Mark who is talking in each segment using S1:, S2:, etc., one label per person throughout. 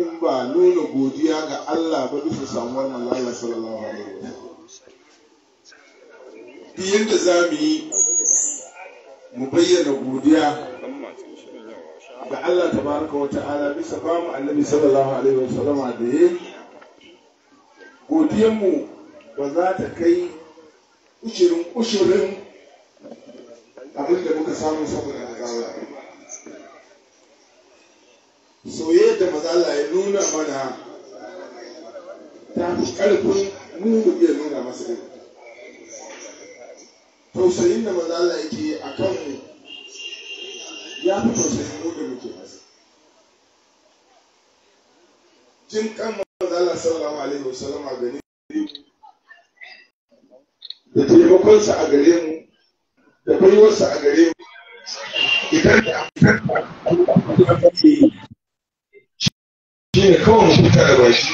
S1: in ba nuna godiya ga Allah ba bisa samuwar Allah sallallahu alaihi wasallam da za mu yi mu bayyana godiya ga Allah ta tabaraka wa ta'ala bisa ba mu annabi sallallahu alaihi wasallam da yayi godiyar mu ba za ta kai ushirin ushirin abin muka samu saboda Allah soyayya da maza Allah ya nuna mana ta fi ƙarfin nuna iya nuna masa ne tausayin da maza Allah yake a kan mu ya fi tausayin mu da muke masa jin kan maza Allah sallallahu alaihi wasallam a gare mu da taimakonsa a gare mu da baiwarsa a gare mu idan da amfani da shi ne kawai huta da baki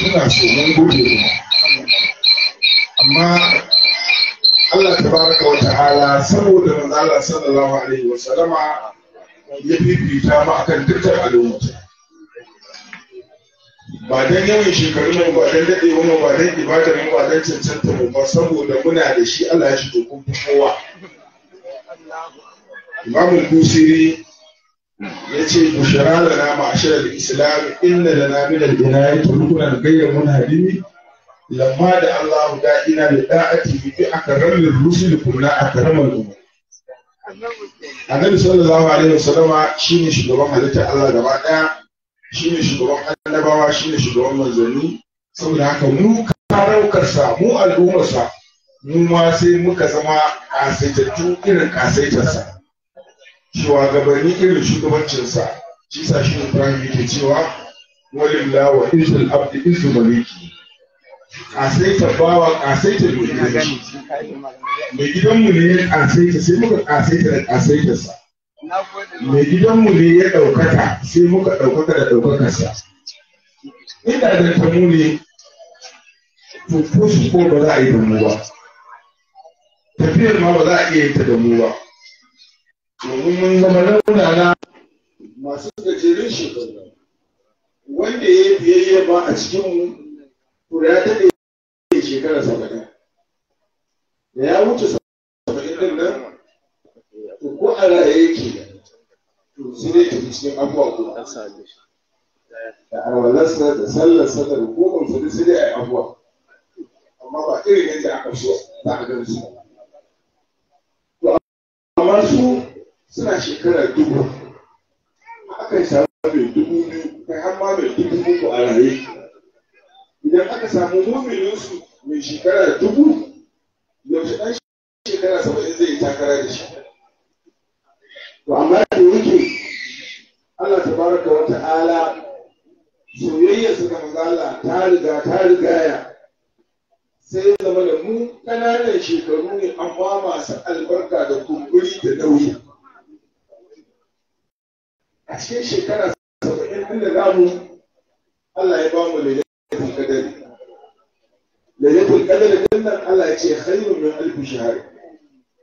S1: mace ina so mun gode mu amma Allah ta baraka wa ta'ala saboda manzo Allah sallallahu alaihi wa sallama ya fifita mu akan dukkan al'umma ba dan yawan shekaru mai ba dan daɗe mu ba dan ibada mu ba dan cancanta mu ba saboda muna da shi Allah ya shi dokun kowa Imam Busiri ya ce bushara da na ma'ashar islam inna da na minal da rukunan mun hadimi lamma da allahu da ina da da'ati bi akramin rusul kullu akramal umma annabi sallallahu alaihi wasallama shine shugaban halitta Allah gaba daya shine shugaban annabawa shine shugaban manzanni saboda haka mu sa mu al'ummarsa mu ma sai muka zama kasaitattu irin kasaitarsa shugabanni irin shugabancinsa shi sa shi Ibrahim yake cewa walilla wa izul abdi izul maliki kasaita bawa kasaita da shi mai gidanmu ne ya kasaita sai muka kasaita da kasaitarsa mai gidanmu ne ya ɗaukaka sai muka ɗaukaka da ɗaukakarsa ina da tamu ne to ko su ko ba za a yi da mu ba tafiyar ma ba za a iya yin ta da mu ba domin mun zama raunana masu gajerun shekaru wanda ya yi biyayya ba a cikinmu to da ya daɗe shekara saba'in da ya wuce saba'in ɗin nan to ko a raye yake to su ne tafi cikin abubuwa ko da arwalarsa da sallar sallarsa da su ne su ne a yi abubuwa amma ba irin yadda aka so za a gan su to amma su suna shekara dubu akan samu mai dubu biyu kai har ma mai dubu uku a raye idan aka samu muminin su mai shekara dubu yaushe ɗan shekara saba'in zai yi takara da shi to amma da yake Allah ta baraka wata Ala. soyayya su ga ta riga ta rigaya sai zama da mu ƙananan shekaru ne amma masu albarka da kumburi da nauyi a cikin shekara saba'in din da zamu Allah ya ba mu lailatul qadar lailatul qadar din nan Allah ya ce khairun min alf shahr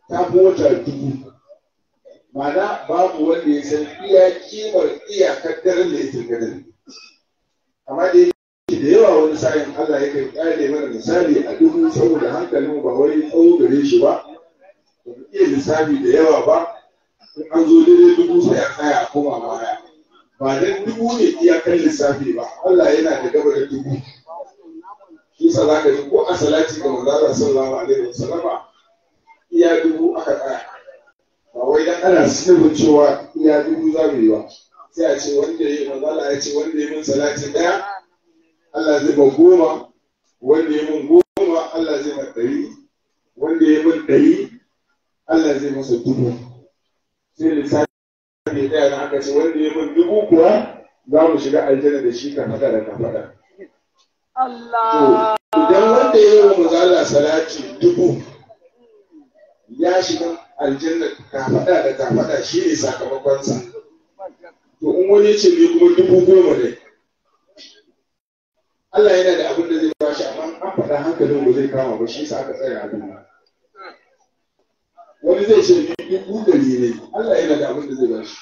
S1: ta fi wata dubu ma'ana babu wanda ya san iya kimar iyakar daren lailatul qadar amma da da yawa wani sa'in Allah ya kai kare mana misali a dubu saboda hankalin ba wai tsawo gare shi ba ba iya misali da yawa ba in an zo daidai dubu sai a tsaya a koma baya ba dan dubu ne iya kan lissafi ba Allah yana da gaba da dubu shi salaka ne ko a salati ga manzara sallallahu alaihi wasallama iya dubu aka tsaya ba wai dan ana sinifin cewa iya dubu za mu yi ba sai a ce wanda ya manzala ya ce wanda ya min salati daya Allah zai ba goma wanda ya min goma Allah zai ban ɗari wanda ya min ɗari Allah zai masa dubu sai lissafi ya tsaya na aka ce wanda ya bin dubu kuwa za mu shiga aljanna da shi kafaɗa da kafaɗa. Allah! Idan wanda ya yi wa mazala salati dubu ya shiga aljanna kafaɗa da kafaɗa shi ne sakamakonsa. To in wani ce ni kuma dubu goma ne. Allah yana da abin da zai bashi amma an faɗa hankalin ba zai kama ba shi sa aka tsaya a duniya. wani zai ce ni dubu gari ne Allah yana da abin da zai bashi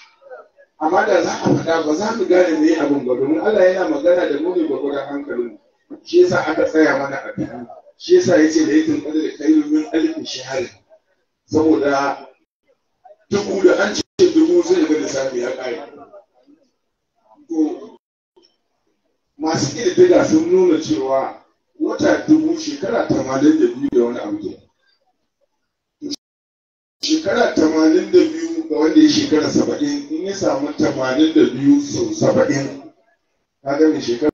S1: amma da za a faɗa ba za mu gane me abin ba domin Allah yana magana da mu ne gudan hankalin shi yasa aka tsaya mana a kan shi yasa yace da yakin kadar da kayyun min alfin shahar saboda dubu da an ce dubu zai ga lissafi ya ƙare. to masu ƙididdiga sun nuna cewa wata dubu shekara tamanin da biyu da wani abu shekara tamanin da biyu ga wanda ya shekara saba'in in ya samu tamanin da biyu sau saba'in ka ga mai shekara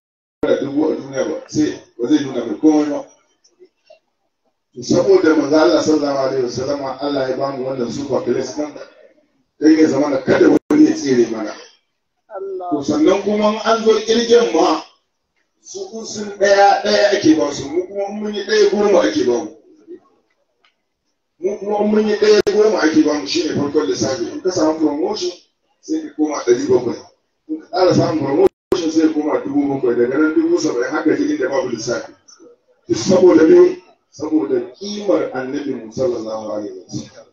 S1: dubu a duniya ba sai ba zai nuna mai komai ba saboda manzo Allah sallallahu alaihi wasallam Allah ya bamu wannan super place kan da ya zama da kada wani ya tsere mana to sannan kuma an zo kirgin ma su kun sun daya daya ake ba su mu kuma mun yi daya goma ake ba mu mu kuma mun yi ɗaya goma ake ba mu shi ne farkon lissafi in ka samu promotion sai ka koma ɗari bakwai in ka ƙara samun promotion sai ka koma dubu bakwai daga nan dubu saba'in haka ji inda babu lissafi duk saboda ne saboda kimar annabi mu sallallahu alaihi wasallam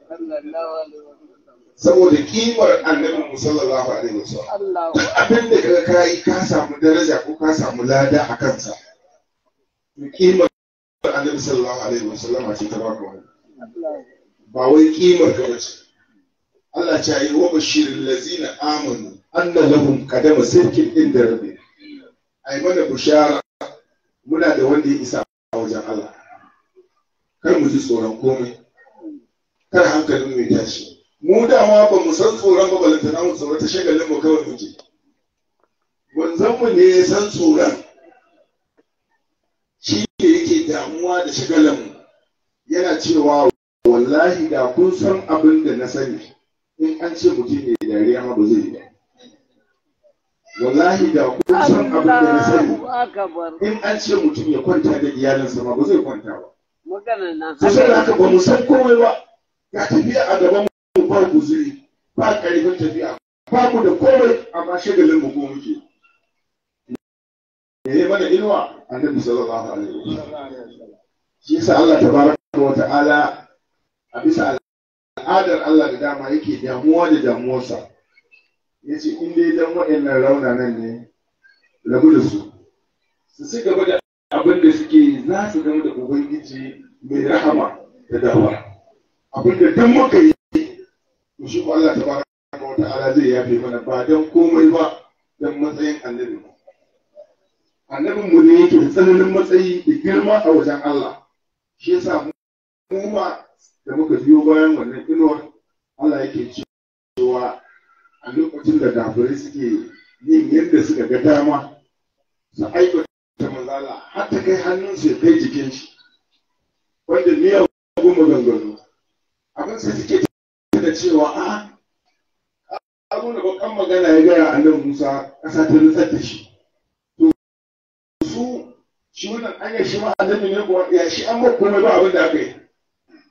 S1: saboda kimar annabi mu sallallahu alaihi wasallam duk abin da ka kai ka samu daraja ko ka samu lada a kansa kimar annabi sallallahu alaihi wasallam ce ta baka wani ba wai kimar ka bace Allah ta yi wa bashirin lazina amanu anna lahum kadama sirkin inda A yi mana bushara muna da wanda ya isa a wajen Allah kar mu ji tsoron komai kar hankalin mu ya tashi mu dama ba mu san tsoron ba balanta na mu tsoron ta shagalin mu kawai muke Wanzanmu ne ya san tsoron shi ne yake damuwa da shagalin mu yana cewa wallahi da kun san abin da na sani in an ce mutum ya dariya ma ba zai yi ba wallahi da kun san abin da na sani in an ce mutum ya kwanta da iyalinsa ma ba zai kwanta ba sai da haka ba mu san komai ba ga tafiya a gaban mu ba zuri ba karfin tafiya ba ku da komai amma shagalin mu ko muke ya yi mana inuwa annabi sallallahu alaihi wasallam shi yasa Allah tabaraka wa ta'ala a bisa al'adar Allah da dama yake damuwa da damuwarsa ya ce in dai dan wa'annan raunanan ne rabu da su su ci gaba da abin da suke za su gama da ubangiji mai rahama da dawa abin da dan muka yi shi ko Allah tabaraka wa ta'ala zai yafe mana ba dan komai ba dan matsayin annabi annabin mu ne yake da tsananin matsayi da girma a wajen Allah shi yasa kuma da muka biyo bayan wannan inuwar Allah yake cewa a lokacin da kafirai suke yin yadda suka ga dama su aikata manzala har ta kai hannunsu ya kai jikin shi wanda ya goma gangano abin sai suke da cewa a abu da bakan magana ya gaya a nan musa ƙasa ta nutsar da shi to su shi wannan an yashi ma annabi ne kuwa ya shi an ba komai ba abin da aka yi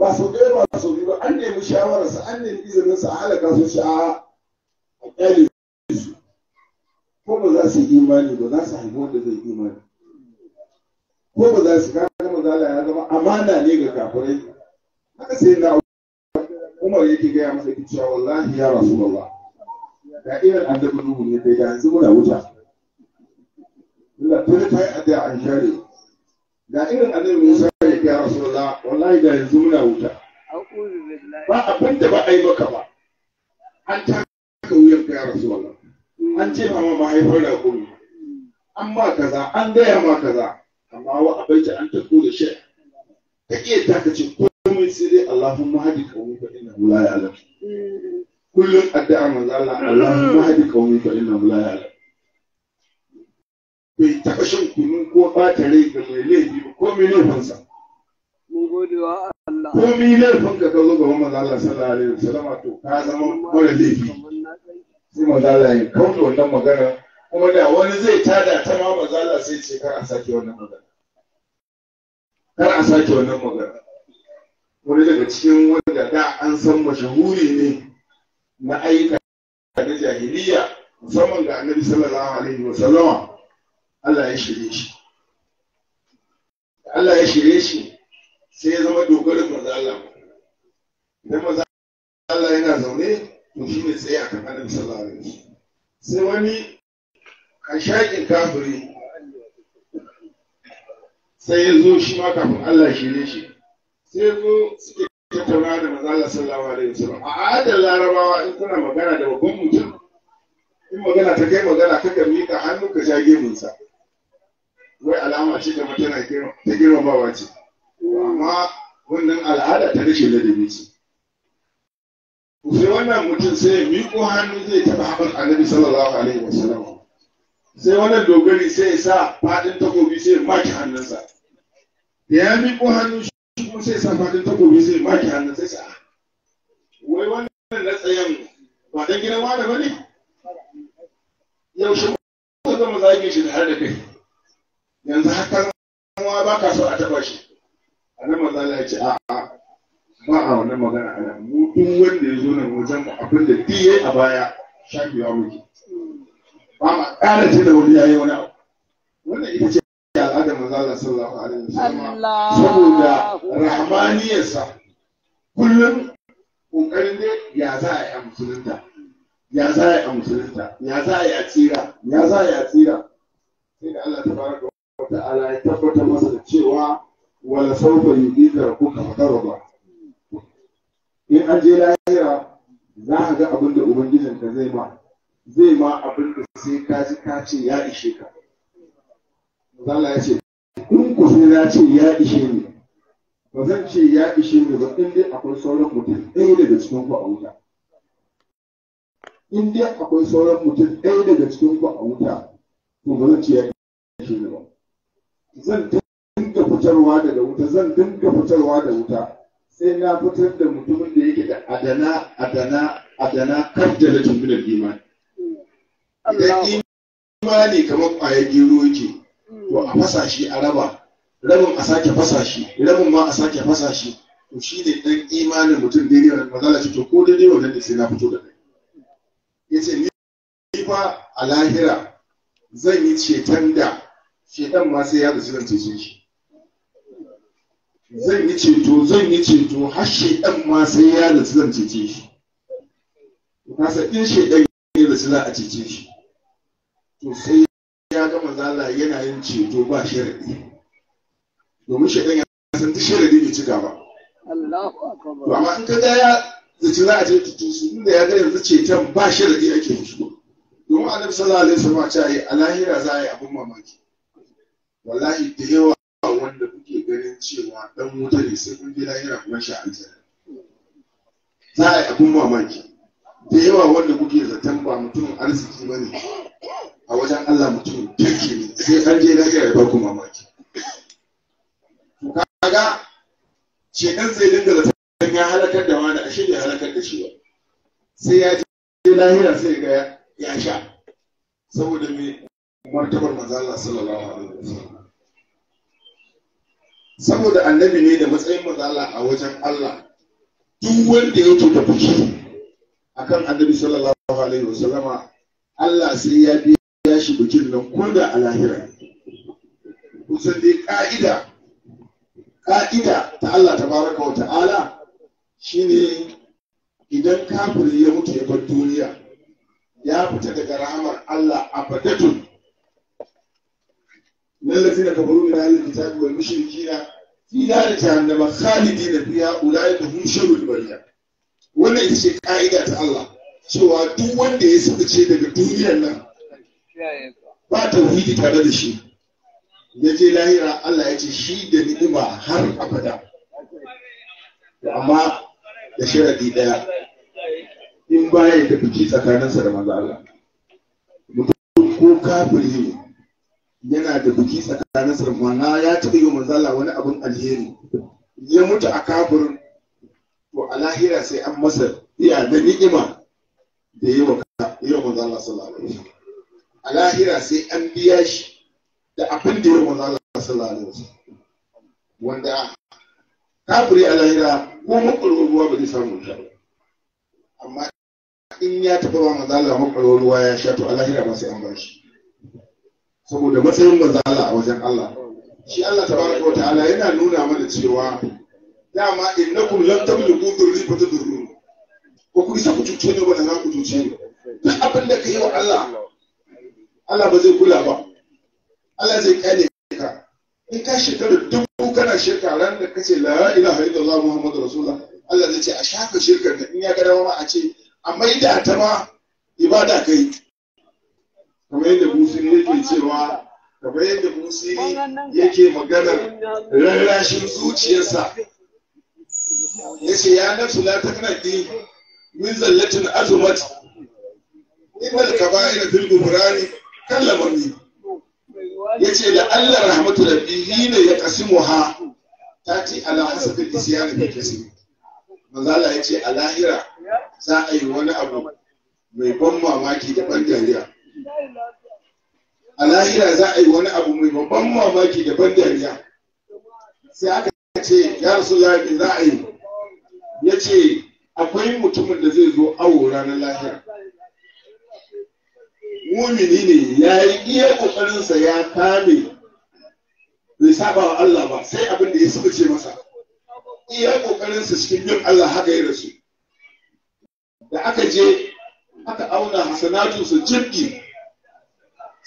S1: ba sau ɗaya ba sau biyu ba an nemi shawararsa an nemi su a halaka su shi a ƙyale su ko ba za su yi imani ba za su haifi wanda zai imani ko ba za su kaga manzala ya zama amana ne ga kafirai haka sai na umar yake gaya masa ki cewa wallahi ya rasu rasulullah da irin annabi nuhu ne kai da yanzu muna wuta Allah ta yi addu'a an share da irin annabi Musa zauna wallahi da yanzu muna wuta ba abin da ba a yi maka ba an taka wuyan ka ya rasu wannan an ce ma mahaifar da kuma an ba kaza an gaya ma kaza amma wa ta an taku da shi ka iya taka ce komai sai dai Allahumma hadi qawmi fa inna la ya'lam kullum addu'a manzo Allah Allahumma hadi qawmi fa inna la ya'lam bai taɓa shan kunu ko ɓata rai ga mai laifi ko mai laifinsa godewa Allah komi laifin ka ka zo ga Muhammad Allah sallallahu alaihi wasallam to ka zama mara laifi sai mazala ya kauce wannan magana kuma da wani zai tada ta ma mazala sai ce kar a sake wannan magana kar a sake wannan magana wani daga cikin wanda da an san mashahuri ne na aika na jahiliya musamman ga annabi sallallahu alaihi wa sallama Allah ya shirye shi Allah ya shirye shi sai ya zama dogarin manzo Allah idan manzo Allah yana zaune to shi ne tsaye a kan annabi sallallahu alaihi wasallam sai wani kashakin kafiri sai ya zo shi ma kafin Allah shi ne shi sai ya zo suke tattauna da manzo Allah sallallahu alaihi wasallam a adal larabawa in kuna magana da babban mutum in magana ta kai magana kaka miƙa hannu ka sha gemunsa wai alama ce da mutane ta ba ce amma wannan al'ada ta rashin ladabi ce sai wannan mutum sai ya miƙo hannu zai taɓa haɓar annabi sallallahu alaihi wasallam sai wannan dogari sai ya sa faɗin takobi sai ya maki hannunsa da ya miƙo hannu shi kuma sai ya sa faɗin takobi sai ya maki hannunsa sai ah, wai wannan na tsayan ba dan gidan wani ba ne yaushe ka zama zagin shi da har da kai yanzu har kan ba ka so a taɓa shi a nan mazala ya ce a ba a wannan magana a nan mu duk wanda ya zo nan wajen mu abin da duk a baya shafewa muke ba ma ƙara ce da wani yayi wani abu wannan ita ce al'adar mazala sallallahu alaihi wasallam saboda rahmaniyarsa kullum kokarin dai ya za a yi a musulunta ya za a yi a musulunta ya za a yi a tsira ya za a yi a tsira sai da Allah ta baraka wa ta'ala ya tabbatar masa da cewa wala sauka yudika kuka fatarba in an je lahira za a ga abin da ubangijin ka zai ma zai ma abin da sai ka ji ka ce ya ishe ka Allah ya ce in ku sai na ce ya ishe ni ba zan ce ya ishe ni ba inda akwai sauran mutum ɗaya daga cikin ku a wuta Inda akwai sauran mutum ɗaya daga cikin ku a wuta to ba zan ce ya ishe ni ba zan ta fitarwa daga wuta zan dinga fitarwa da wuta sai na fitar da mutumin da yake da adana adana adana kar da latin min imani idan imani kamar ƙwayar gero yake to a fasa shi a raba rabin a sake fasa shi rabin ma a sake fasa shi to shi ne dan imanin mutum da yake magana ce to ko daidai wannan da sai na fito da kai yace ni fa a lahira zan yi ceton da shedan ma sai ya da zan cece shi zan yi ceto zan yi ceto har shaidan ma sai ya da zan cece shi nasa in shaidan ya da za a cece shi to sai ya ga mazala yana yin ceto ba sharadi domin shaidan ya san ta sharadi bai cika ba to amma in ka ga ya zaci za a ce to su inda ya ga yanzu ceton ba sharadi ake musu domin annabi sallallahu alaihi wasallam ya ce a lahira za a yi abin mamaki wallahi da yawa cewa dan wuta ne sai kun je lahira kuma shi aljanna za a yi abin mamaki da yawa wanda kuke zaton ba mutum arziki ba ne a wajen Allah mutumin kirki ne sai an je lahira ya baku mamaki kaga shekan zai dinga zaton ya halakar da wani ashe ya halakar da shi ba sai ya je lahira sai ga ya sha saboda me martabar manzo Allah sallallahu alaihi wasallam saboda annabi ne da matsayin mazala a wajen Allah duk wanda ya tuka fushi akan annabi sallallahu alaihi wasallama Allah sai ya biya shi bikin nan ko da a lahira kusan dai ka'ida ka'ida ta Allah baraka wa ta'ala shine idan kafiri ya mutu ya bar duniya ya fita daga rahamar Allah a badatun lallazina kafaru min ahli alkitabi wal mushrikina fi nari jahannama khalidina fiha ulaika hum sharrul bariya wannan ita ce ka'ida ta Allah cewa duk wanda ya sabace daga duniyar nan ba tauhidi tare da shi ya je lahira Allah ya ce shi da ni'ima har abada amma da sharadi daya in baya da fiki tsakaninsa da manzo Allah mutum ko kafiri ne yana da biki tsakanin sarmana ya taɓa yi manzala wani abin alheri ya mutu a kafirin to a lahira sai an masa iya da ni'ima da yi wa yi manzala sallallahu alaihi a lahira sai an biya shi da abin da yi wa manzala sallallahu alaihi wanda kafiri a lahira ko makwarwar ruwa ba zai samu ta amma in ya taɓa wa manzala makwarwar ruwa ya sha to a lahira ba sai an ba shi saboda matsayin manzo Allah a wajen Allah shi Allah tabaraka wa ta'ala yana nuna mana cewa dama innakum lam tablughu durri fa tudurru ko ku isa ku cuce ne wanda za ku cuce ne duk abin da kai wa Allah Allah ba zai kula ba Allah zai kyale ka in ka shekara dubu kana shekaran da kace la ilaha illallah muhammadu rasulullah Allah zai ce a shaka shirkar da in ya ga dama a ce a maida ta ma ibada kai kamar yadda Musa cewa kamar yadda musiri yake maganar rarrashin zuciyarsa ya ce ya nafsu la ɗi min zallatin azumat innal kaba'ira fil gufrani kallamani ya ce da Allah rahmatu rabbi ne ya kasimu ha ta tati ala hasabil isyani da kasimi manzo Mazala ya ce a lahira za a yi wani abu mai ban mamaki da ban dariya a lahira za a yi wani abu mai babban mamaki da ban dariya sai aka ce ya rasu lahira za a yi ya ce akwai mutumin da zai zo awo ranar lahira mumini ne ya yi iya ƙoƙarinsa ya kame bai saba wa Allah ba sai abin da ya saba ce masa iya ƙoƙarinsa cikin yin Allah haka ya rasu da aka je aka auna hasanatu su jirgi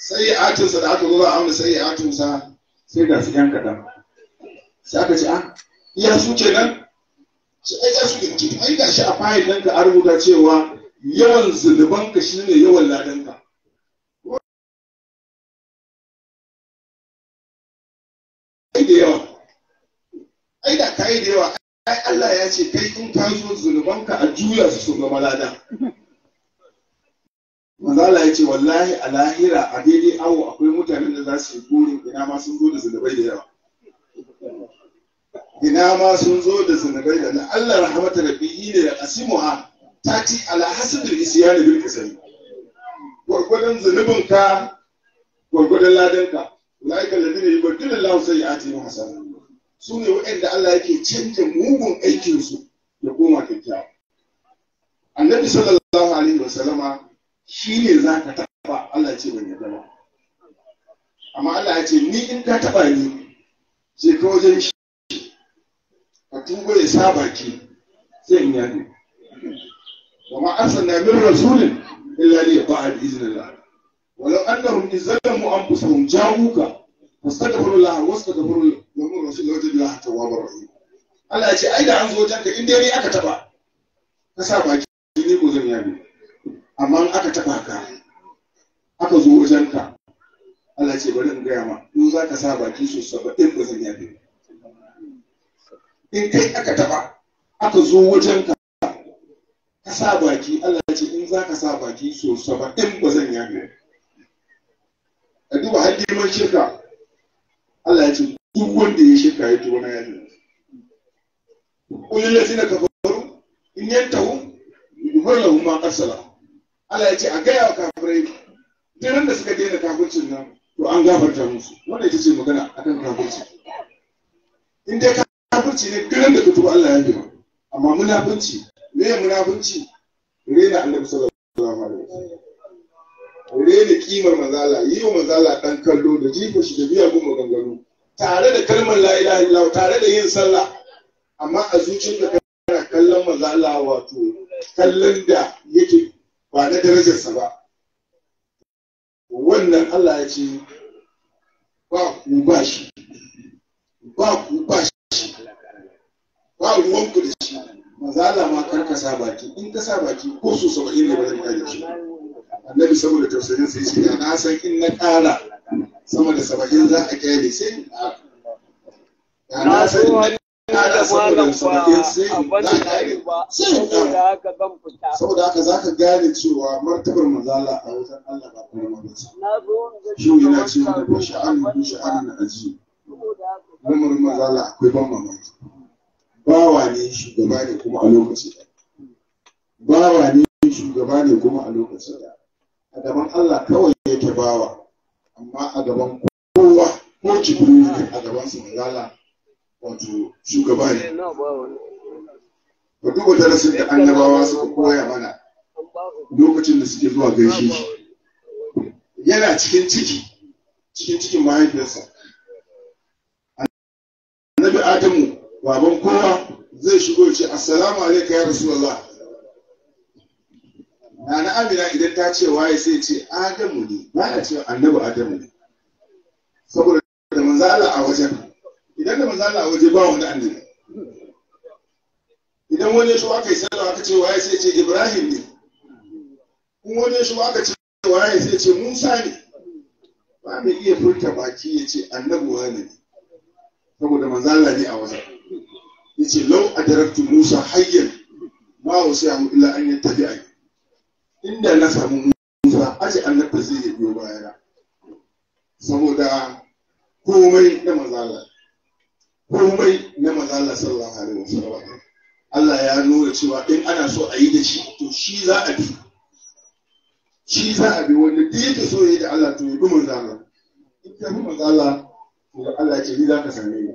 S1: sai atinsa da aka zo a auna sai atinsa sai ga su yan kaɗan sai aka ce a ah, iya su ke nan Sai ai ya su ke ce ai ga shi a fayil ɗinka a rubuta cewa yawan zunubanka shi ne yawan ladanka ai da yawa ai da kai da yawa ai Allah ya ce kai in ka zo zunubanka a juya su su ga malada manzala ya ce wallahi a lahira a daidai awo akwai mutanen da za su yi burin ina ma sun zo da zinabai da yawa ina ma sun zo da zinabai da na Allah rahmata rabbihi da asimuha tati ala hasadul isyan bil kasai gurgudan zunubin ka gurgudan ladan ka laika ladina yubaddilu Allahu sayyi'atihim hasanat su ne waɗanda Allah yake canja mugun aikinsu ya koma kyakkyawa annabi sallallahu alaihi wasallama shi ne za ka taɓa Allah ce ban yarda ba amma Allah ya ce ni in ka taɓa ni sai ka wajen shi a tuba ya saba ki sai in yadu kuma arsal na min rasulin illa li ba'd iznillah walau annahum izzalamu anfusahum jawuka fastaghfiru lahu wastaghfiru lahu min rasulil wajd lahu tawwabur rahim Allah ya ce ai da an zo wajen ka in dai ne aka taɓa ka sa baki ni ko zan yadu amma aka taɓa ka aka zo wajen ka Allah ce bari in gaya ma in za ka sa baki saba saba'in ba zan yafe in kai aka taɓa aka zo wajen ka ka sa baki Allah ce in za ka sa baki saba saba'in ba zan yafe A duba har girman shirka Allah ya ce duk wanda ya shirka ya tuwa na yafe kullum lazina kafaru in yantahu yuhur lahum ma qad Allah ya ce a gaya wa kafirai duk da suka daina kafircin nan to an gafarta musu wannan ita ce magana akan kafirci in dai kafirci ne duk da fito Allah ya yi amma munafunci me ya munafunci rena annabi sallallahu alaihi wasallam rena kimar manzala yi wa manzala dan kallo da jifa shi da biya goma gangano tare da kalmar la ilaha illallah tare da yin sallah amma a zuciyarka kana kallon manzala wato kallon da yake ba na darajarsa ba wannan Allah ya ce ba ku ba shi ba ku ba shi ba ruwanku da shi mazala ma kar ka sa baki in ka sa baki ko su saba'in ne ba zan kare shi annabi saboda tausayin sai shi na san in na ƙara sama da saba'in za a kare sai na san kada malam ba abin da na yi ba saboda haka zan fita saboda haka ka gane cewa martabar mazala a wajen Allah ba kuma ba ce shi yana cewa ko sha'an ko sha'an na aji lamarin mazala akwai ban mamaki bawa ne shugaba ne kuma a lokaci ɗaya bawa ne shugaba ne kuma a lokaci a gaban Allah kawai yake bawa amma a gaban kowa ko cikin a gaban su mazala wato shugaba ne ka eh, duba darasin da annabawa suka koya mana lokacin da suke zuwa gaishe shi yana cikin ciki cikin cikin mahaifiyarsa annabi adamu baban kowa zai shigo ce assalamu alaikum ya rasulullah na amina idan ta ce waye sai ce adamu ne ba na ce annabi adamu ne saboda da manzo a wajen idan da mazala a waje ba wani annabi idan wani shi aka yi sallah aka ce waye sai ce Ibrahim ne kun wani shuwa aka ce waye sai ce Musa ne ba mai iya furta baki ya ce annabi wani ne saboda mazala ne a wajen ya ce lau a adaraktu Musa hayyar ma wasu ya illa an yattabi'a inda na samu Musa aje annabi zai yi biyo bayana saboda komai da mazala. komai na maza Allah sallallahu alaihi wasallam Allah ya nuna cewa in ana so a yi da shi to shi za a bi shi za a bi wanda duk yake so yi da Allah to ya bi zama. in ka bi manzo Allah to Allah ce ni za ka same ni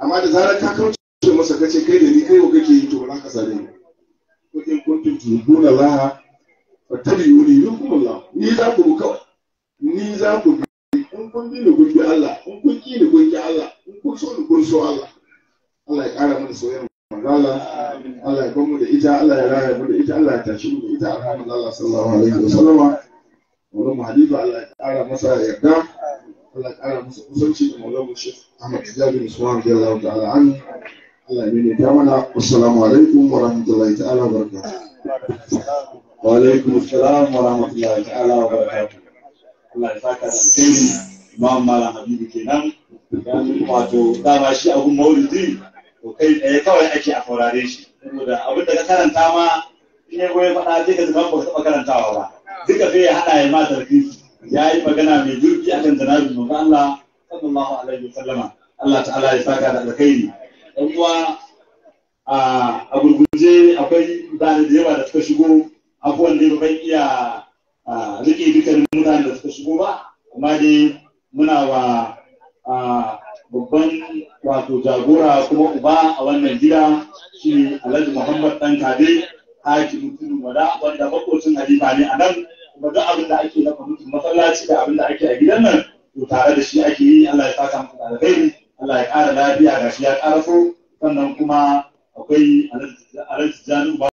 S1: amma da zarar ka kauce masa kace kai da ni kai wa kake yi to ba za ka same ni ko in kuntum tuhibbuna Allah fattabi'uni yuhibbukum Allah ni za ku bi kawai ni za ku bi in kun bi ni kun bi Allah in kun ki ni kun ki Allah in kun so ni kun so Allah Allah ya kara mana soyayya Allah ya bamu da ita Allah ya raya mu da ita Allah ya tashi mu ita Allah sallallahu alaihi wannan Allah ya kara masa yarda Allah ya kara masa kusanci da maulana Ahmad Tijabi ta'ala Allah ya mana assalamu alaikum wa rahmatullahi ta'ala wa barakatuh وعليكم wa ورحمة imam malam kenan wato dama shi abun maulidi to kai ɗaya kawai ake a faurare shi saboda abin da ka karanta ma in ya goyi faɗa sai ka zama baka taɓa karantawa ba duka sai ya haɗa ya ma tarfi ya yi magana mai zurfi akan janabin manzo Allah sallallahu alaihi wasallama Allah ta'ala ya saka da alkhairi dan uwa a gurguje akwai mutane da yawa da suka shigo abuwan da ban iya rike dukkan mutanen da suka shigo ba amma dai muna wa babban wato jagora kuma uba a wannan gida shi alhaji muhammad dan kade haji mutum wada wanda makocin halifa ne a nan kuma duk abin da ake na mutum masallaci da abin da ake a gidan nan to tare da shi ake yi allah ya saka mu da allah ya kara lafiya ga shi ya karaso sannan kuma akwai alhaji janu